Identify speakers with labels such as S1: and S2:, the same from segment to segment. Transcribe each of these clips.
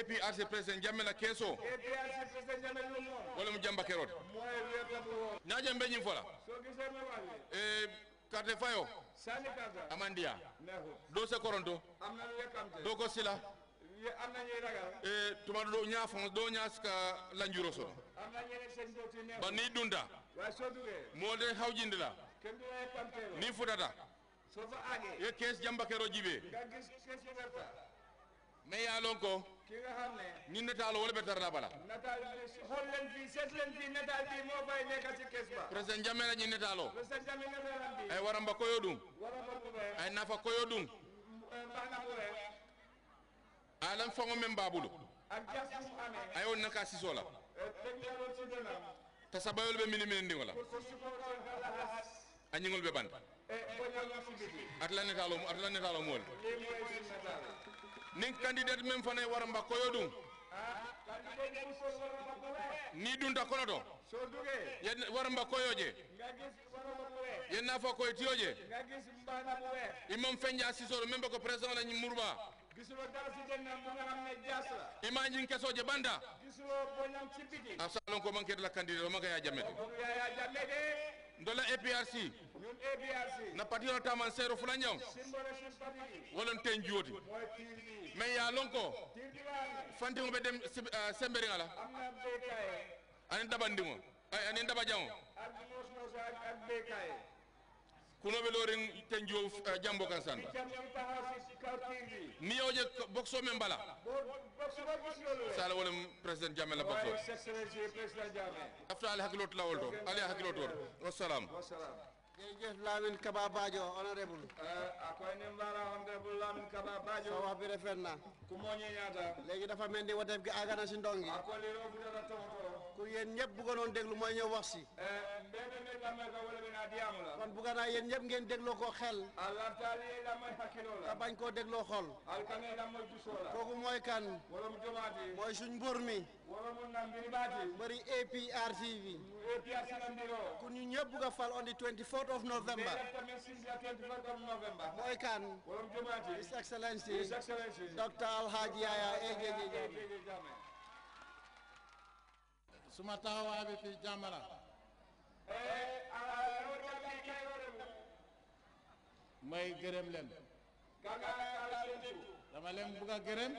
S1: APRC président jammela keso
S2: APRC président jammel ɗum noon
S1: walla mo jamba kerode
S2: moye
S1: fola so gise mo e carte fayo sani carte amandiya do se koronto
S2: amnan do
S1: ko sila e, tuma do nya fon do nya ska lanjuro so ba ni dunda mo de hawjinde la ni futata ye e, kes jamba kero jibe me ya lon ko ki nga xam ne ni nataal wala betar na bala
S2: nataal xool leen fii seet leen fii nataal bi moo fay nekk ci
S1: ay waramba koyo dum ay nafa koyo dum alam fango men babulu ak jasum ame ay on naka siso la eh, ta sabayol be mili men ndingola añingol be band atla nataaloo atla nataaloo mool ni candidate men fana war mbakkoyo ɗum ni dunta kono to war mbakkoyo je yenna fo koye tiyo je imam fenja sisoro meme be ko président la ñi murba ima ñin kesoje banda asalon ko mankede la candidate o maka ya jammete ndola aprc
S2: ñun aprc
S1: na parti no taman seero fula ñaw wolon ten juoti mais ya lonko fantiŋo be dem uh, semberiŋa la aniŋ dabandiŋo aniŋ dabajaŋo kuno be loorin ten juo uh, jambo kan santa mi yewo je bokso meŋ bala sala wonum président jammel la bakko afta ala hakiloto lawol to ala hakiloto wassalam
S2: jërëjëf Lamine Kaba Bajo honorable eh, a koy ne mbara honorable Lamine Kaba Bajo so wax bi rafet ku moñe
S3: ñaata léegi dafa mel woteef gi agana si a ko ku bukan ñëpp bëggoon déglu mooy ñëw wax si kon bëggoon naa yéen ñëpp ngeen dégloo ko
S2: xel te bañ koo dégloo xol kooku mooy kan suñ mi APR TV ku ñu fal on the 24th of November
S3: mooy kan His Excellency Dr Alhaji Yaya AJ su suma taxawaabi fii Jamra may gërëm leen dama leen bugg a gërëm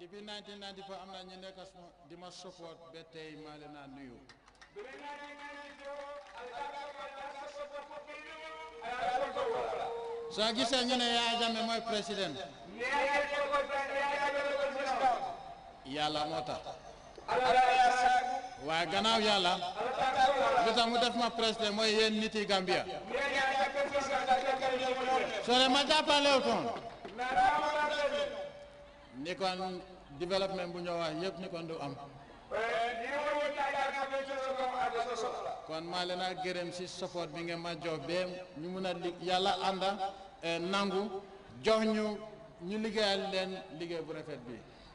S3: depuis am na ñu nekk di ma support ba tey leen a nuyu soo gisee ñu ne Yaya Jammeh mooy président yàlla moo tax waaye gannaaw yàlla li tax mu def ma président mooy yéen nit yi Gambia soo leen ma jàppalewu toon ni kon développement bu ñoo wax yëpp ni kon du am kon maa leen a gërëm si support bi ngeen ma jox bee ñu mën a li yàlla ànd eh, nangu jox ñu ñu liggéeyal leen liggéey bu rafet bi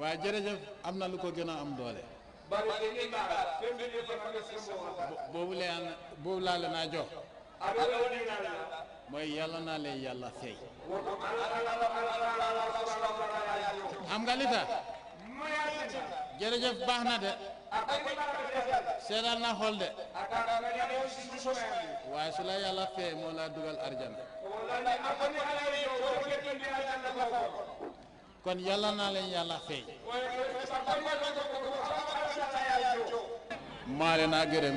S3: waa jërëjëf am na lu ko gën a am doole. boobu laa laa la naa jox. mooy yàlla naa leen yàlla fay. xam nga li tax. jërëjëf baax na de. seedaan na xool de. waaye su la yàlla fee moo laa dugal arjana. kon yàlla naa leen yàlla fay maa leen a gërëm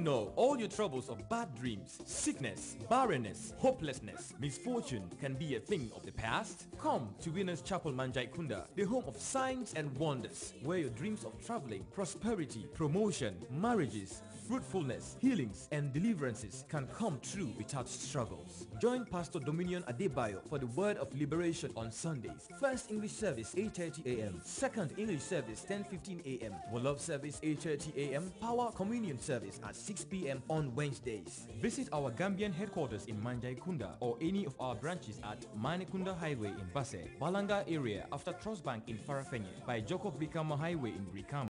S1: know all your troubles of bad dreams, sickness, barrenness, hopelessness, misfortune can be a thing of the past? Come to Winners Chapel Manjai Kunda, the home of signs and wonders, where your dreams of traveling, prosperity, promotion, marriages, fruitfulness, healings, and deliverances can come true without struggles. Join Pastor Dominion Adebayo for the Word of Liberation on Sundays. First English service 8.30 a.m. Second English service 10.15 a.m. Wolof service 8.30 a.m. Power Communion service at 6 p.m. on Wednesdays. Visit our Gambian headquarters in Manjai Kunda or any of our branches at Manikunda Highway in Basse, Balanga area after Trust Bank in Farafenye, by Jacob Bikama Highway in Brikama.